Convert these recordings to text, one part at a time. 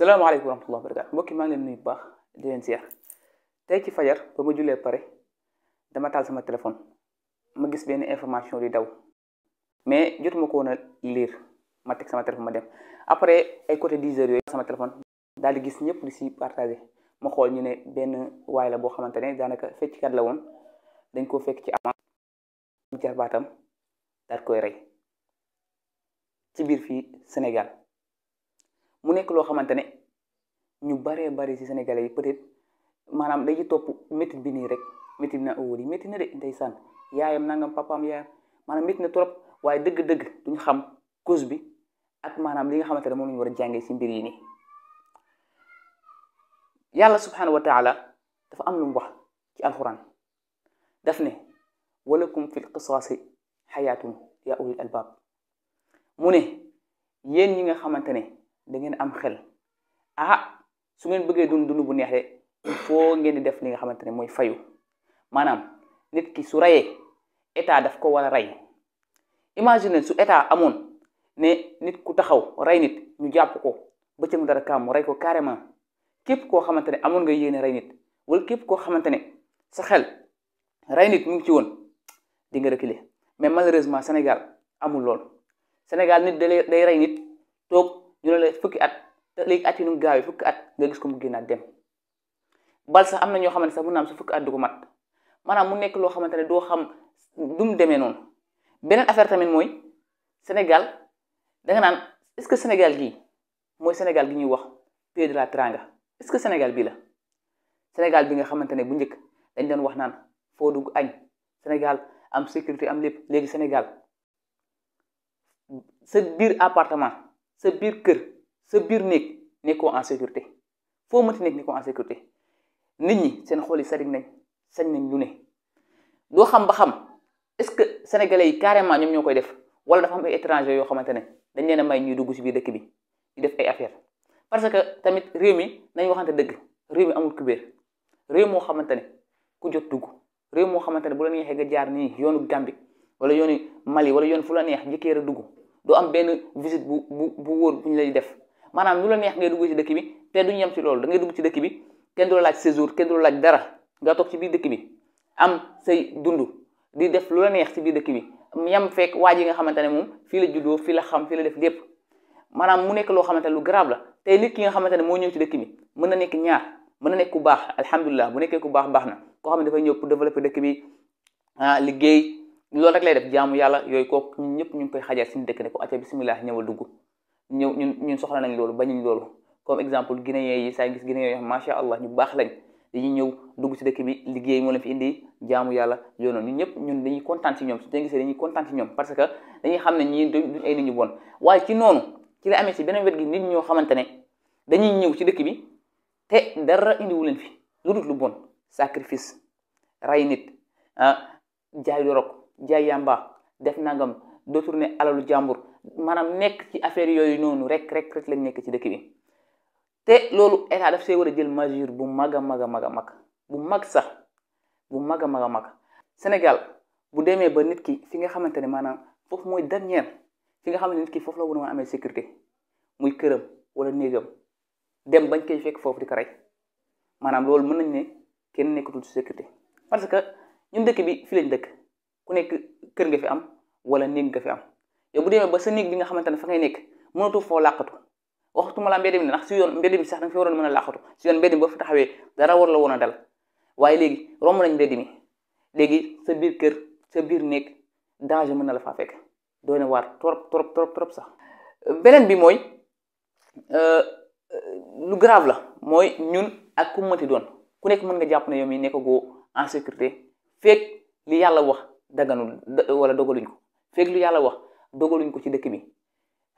salaamaaleykum wa rahmatulah barakaatu mbokki maa ngi leen nuyu bu baax di leen ziar tey ci fajar ba ma jullee pare dama taal sama téléphone ma gis benn information di daw mais jotuma ko woon a lire ma teg sama téléphone ma dem après ay côté 10 heures yooyu téléphone daal di gis ñëpp di si partagé ma xool ñu ne benn waay la boo xamante ne daanaka fecckat la woon dañ koo fekk ci amant jarbaatam daal koy rey ci biir fii Sénégal mu nekk loo xamante ne ñu baree bari si sénégalais yi peut-être maanaam dañuy topp métti bi nii rek métti na awóor yi métti na de ndeysaan yaayam nangam papam yaayam maanaam métti na trop waaye dëgg-dëgg duñu xam cause bi ak maanaam li nga xamante ne moom la ñu war a jàngee si mbir yàlla subhanahu dafa am lu mu ci alxuraan daf ne walakum fil qisaasi xayaatun yaa ulil ne yéen ñi nga xamante ne da ngeen am xel ah su ngeen bëggee dund dund bu neexee foo ngeen di def li nga xamante ne mooy fayu maanaam nit ki su reyee état daf ko wala rey imagine su état amoon ne nit ku taxaw rey nit ñu jàpp ko bëccëg dara kaam rey ko carrément képp koo xamante ne amoon nga yéene rey nit wala képp koo xamante ne sa xel rey nit mu ngi ci woon di nga reculer mais malheureusement Sénégal amul lool Sénégal nit day rey nit toog. ñu ne la fukki at te léegi at yi nu gaaw yi fukki at nga gis ko mu génnaat dem bal sax am na ñoo xamante sax mun na am sa fukki at du ko mat maanaam mu nekk loo xamante ne doo xam du mu demee noonu beneen affaire tamit mooy Sénégal danga naan est-ce que Sénégal gii mooy Sénégal gi ñuy wax pays de la Teranga est que Sénégal bi la Sénégal bi nga xamante ne bu njëkk dañ doon wax naan foo dugg añ Sénégal am sécurité am lépp léegi Sénégal sa biir appartement. sa biir kër sa biir néeg nekkoo en sécurité foo mënti nekk nekkoo en sécurité nit ñi seen xool yi sarig nañ sañ nañ lu ne doo xam ba xam est-ce que sénégalais yi carrément ñoom ñoo koy def wala dafa am ay yoo xamante ne dañ leen a may ñuy dugg si biir dëkk bi di def ay affaire parce que tamit réew mi nañ waxante dëgg réew mi amul kubéer réew moo xamante ne ku jot dugg réew moo xamante ne bu la neexee nga jaar nii yoonu Gambie wala yoonu Mali wala yoon fu la neex njëkkee a dugg du am benn visite bu bu bu wóor bu ñu lay def maanaam lu la neex ngay dugg ci dëkk bi te duñu yem ci loolu da ngay dugg ci dëkk bi kenn du la laaj séjour kenn du la laaj dara nga toog ci biir dëkk bi am say dund di def lu la neex ci biir dëkk bi yam fekk waa ji nga xamante ne moom fii la juddoo fii la xam fii la def lépp maanaam mu nekk loo xamante ne lu grave la te nit ki nga xamante ne moo ñëw ci dëkk bi mën na nekk ñaar mën na nekk ku baax alhamdulilah bu nekkee ku baax baax na koo xam ne dafay ñëw pour développer dëkk bi ah, liggéey loolu rek lay def jaamu yàlla yooyu kooku ñun ñëpp ñu ngi koy xajaat suñu dëkk ne ko acca bisimilah ñëwal dugg ñëw ñun ñun soxla nañ loolu ba bañuñ loolu comme exemple guinéen yi saa gis guinéen yi macha allah ñu baax lañ dañuy ñëw dugg si dëkk bi liggéey moo leen fi indi jaamu yàlla yoo ñëpp ñun dañuy kontaan si ñoom su gisee dañuy kontaan si ñoom parce que dañuy xam ne ñii duñ ay ñu bon waaye ci noonu ci la amee si beneen wet gi nit ñoo xamante ne dañuy ñëw ci dëkk bi te dara indiwu leen fi lu lu bon sacrifice ray nit ah jaay dorog jaay yamba def nangam détourné alalu jàmbur maanaam nekk ci affaire yooyu noonu rek rek lañ nekk ci dëkk bi te loolu état daf see war a jël mesure bu mag a mag a mag a mag bu mag sax bu mag a mag a mag Sénégal bu demee ba nit ki fi nga xamante ne maanaam foofu mooy dernière fi nga xamante ne nit ki foofu la war a amee sécurité muy këram wala néegam dem bañ koy fekk foofu di ko rey maanaam loolu mën nañ ne kenn nekkatul sécurité parce que ñun dëkk bi fi lañ dëkk. ku nek keur nga fi am wala neeg nga fi am yow bu demé ba sa neeg bi nga xamantene fa ngay nek mënatu fo laqatu waxtuma la mbedd mi ndax si yoon mbedd sax da nga fi waron mëna laqatu su yoon mbedd ba fa dara war la wona dal waaye léegi rom nañ mbedd mi sa bir keur sa bir neeg danger mëna la fa fek doy na waar torop torop torop sax benen bi euh lu grave la moy ñun ak ku mënti doon ku nek mën nga japp ne yow mi en sécurité fek li yalla wax daganul wala dogaluñ ko feeg lu yàlla wax dogaluñ ko ci dëkk bi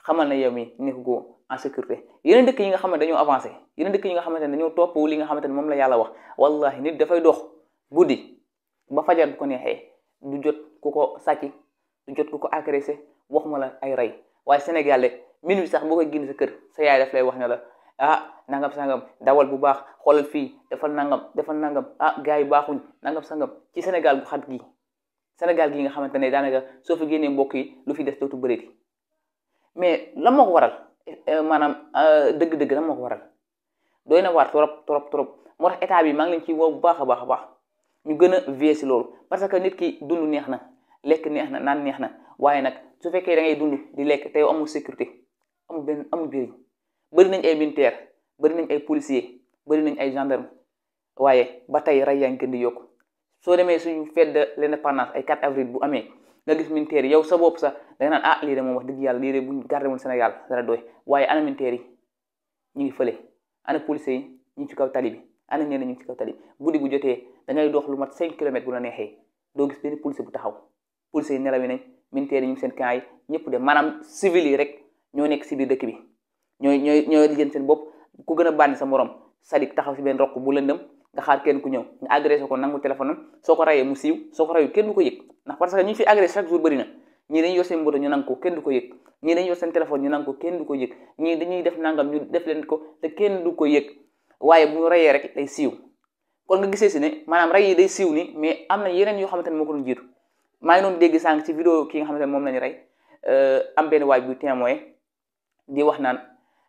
xamal na yow mi nekk ko en sécurité yeneen dëkk yi nga xamante dañoo avancé yeneen dëkk yi nga xamante ne dañoo topp li nga xamante ne moom la yàlla wax wallahi nit dafay dox guddi ba fajar bu ko neexee du jot ku ko sàcc du jot ku ko agressé wax ma la ay rey waaye Sénégal minuit sax boo koy génn sa kër sa yaay daf lay wax ne la ah nangam sangam dawal bu baax xoolal fii defal nangam defal nangam ah gars yi baaxuñ nangam sangam ci Sénégal gu Sénégal gi nga xamante ne daanaka soo fi génnee mbokk yi lu fi des dootu bëreeti mais lan moo waral eh, eh, maanaam euh, dëgg-dëgg la moo ko waral doy na waar trop trop trop moo tax état bi maa ngi leen ci woo bu baax a baax a baax ñu gën a veillé loolu parce que nit ki dund neex na lekk neex na naan neex na waaye nag su fekkee da ngay dund di lekk tey yow amul sécurité amu benn amul njëriñ bëri nañ ay militaire bëri nañ ay policier bëri nañ ay gendarme waaye ba tey rey yaa ngi gën di yokku soo demee suñu fête de l'indépendance ay 4 avril bu amee nga gis militaire yow sa bopp sa da nga naan ah lii moom wax dëgg yàlla lii de buñ gardé woon Sénégal dara doy waaye ana militaire yi ñu ngi fële ana policier yi ñu ngi ci kaw tali bi ana ñeneen ñu ngi ci kaw tali bi guddi gu jotee da ngay dox lu mat 5 kilomètres bu la neexee doo gis benn policier bu taxaw policier yi nelawi nañ militaire yi ñu seen camp yi ñëpp de maanaam civil yi rek ñoo nekk si biir dëkk bi ñooy ñooy ñooy liggéey bopp ku gën a bànni sa morom sadik taxaw si benn roq bu lëndëm nga xaar kenn ku ñëw nga agressé ko nangu téléphone am soo ko rayee mu siiw soo ko rayu kenn du ko yëg ndax parce que ñu fi agressé chaque jour bëri na ñii dañuy yor seen mboto ñu nang ko kenn du ñii dañuy yor seen téléphone ñu nang ko kenn du ko yëg ñii dañuy def nangam ñu def leen ko te kenn du ko yëg waaye bu reyee rek day siiw kon nga gisee si ne maanaam rey yi day siiw ni mais am na yeneen yoo xamante ne moo jiitu maa ngi doon dégg sànq ci vidéo ki nga xamante ne moom lañu rey euh, am benn waay bu témoin di wax naan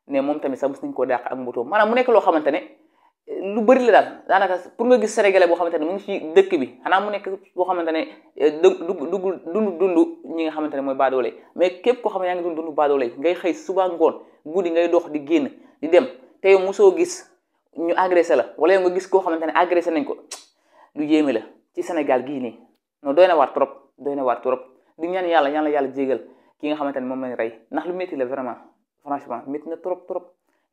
ne moom tamit sax mos nañ koo ak mboto maanaam mu nekk loo xamante ne lu bëri la daal daanaka pour nga gis sénégalais boo xamante ne mu ngi ci dëkk bi xanaa mu nekk boo xamante ne eh, dugg dugg dund dund ñi nga xamante ne mooy baadoole mais képp koo xam ne yaa ngi dund dund baadoole ngay xëy suba ngoon guddi ngay dox di génn di dem te yow soo gis ñu agressé la wala yow nga gis koo xamante ne agressé nañ ko lu yéeme la ci Sénégal gii nii non doy na waar trop doy na waar trop di ñaan yàlla ñaan la yàlla jégal ki nga xamante ne moom lañ rey ndax lu métti la vraiment franchement métti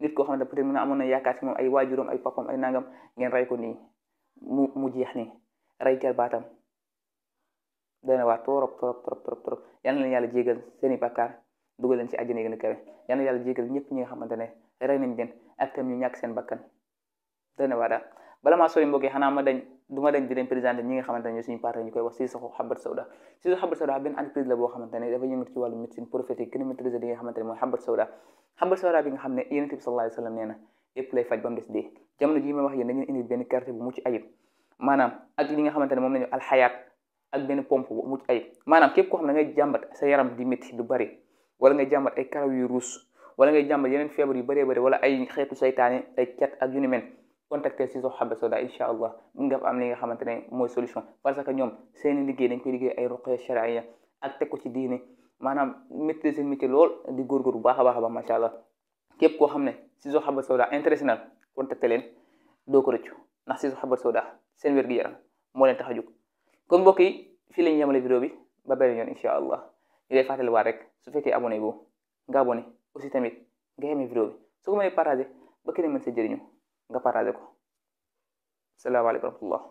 nit koo xamante peut-être mën na amoon na yaakaar si moom ay waajuram ay papam ay nangam ngeen rey ko nii mu mu jeex nii rey jar baatam dana waa torop torop torop torop torop yal na yàlla jégal seeni bàkkaar dugal leen ci àjjana gën a kawe yal na yàlla jégal ñëpp ñi nga xamante ne rey nañ leen ak tam ñu ñàkk seen bakkan dana waa bala maa sori mbokk yi xanaa ma dañ du ma dañ di leen présenté ñi nga xamante ne ñooy suñu partenaire ñu koy wax Sissoko Habbatu benn entreprise boo xamante ne dafa yëngatu ci a nga xamante bi nga xam bi na yëpp lay faj ba mu des dee jamono ji ma wax mucc ayib maanaam ak li nga xamante ne moom lañu alxayaat ak benn pompe mucc ayib maanaam képp koo xam ne ngay jàmbat sa yaram di métti du bari wala ngay jàmbat ay karaw yu ruus wala ngay jàmbat yeneen feebar yu bëree bëri wala ay xeetu seytaane ay cat ak yu mel contacter Ciseaux Haba Sawda incha allah mun nga am li nga ne mooy solution parce que ñoom seeni liggéey dañ koy liggéey ay ruqya charia ak teg ko ci diine maanaam maîtriser métier lool di góorgóor bu baax a baax a macha allah képp koo xam ne Ciseaux Haba Sawda international contacter leen doo ko rëccu ndax Ciseaux Haba Sawda seen wér-gu-yaram moo leen tax a jóg kon mbokk yi fii la yemale vidéo bi ba beneen yoon incha allah ñu lay fàttaliwaat rek su fekkee abonné boo nga abonné aussi tamit nga yemee vidéo bi su ko mënee partagé ba keneen mën sa nga partagé ko salaamaaleykum wa rahmatullah